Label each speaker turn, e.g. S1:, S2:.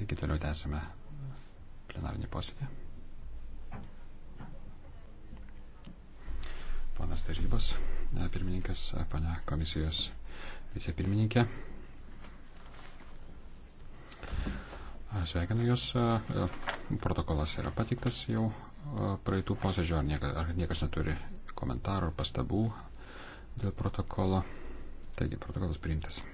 S1: Taigi toliau tęsime plenarinį posėdį. Ponas tarybos e, pirmininkas, e, ponia komisijos vicepirmininkė. Sveikinu Jūs, e, protokolas yra patiktas jau praeitų posėdžio, ar niekas, ar niekas neturi komentarų ar pastabų dėl protokolo. Taigi, protokolas priimtas.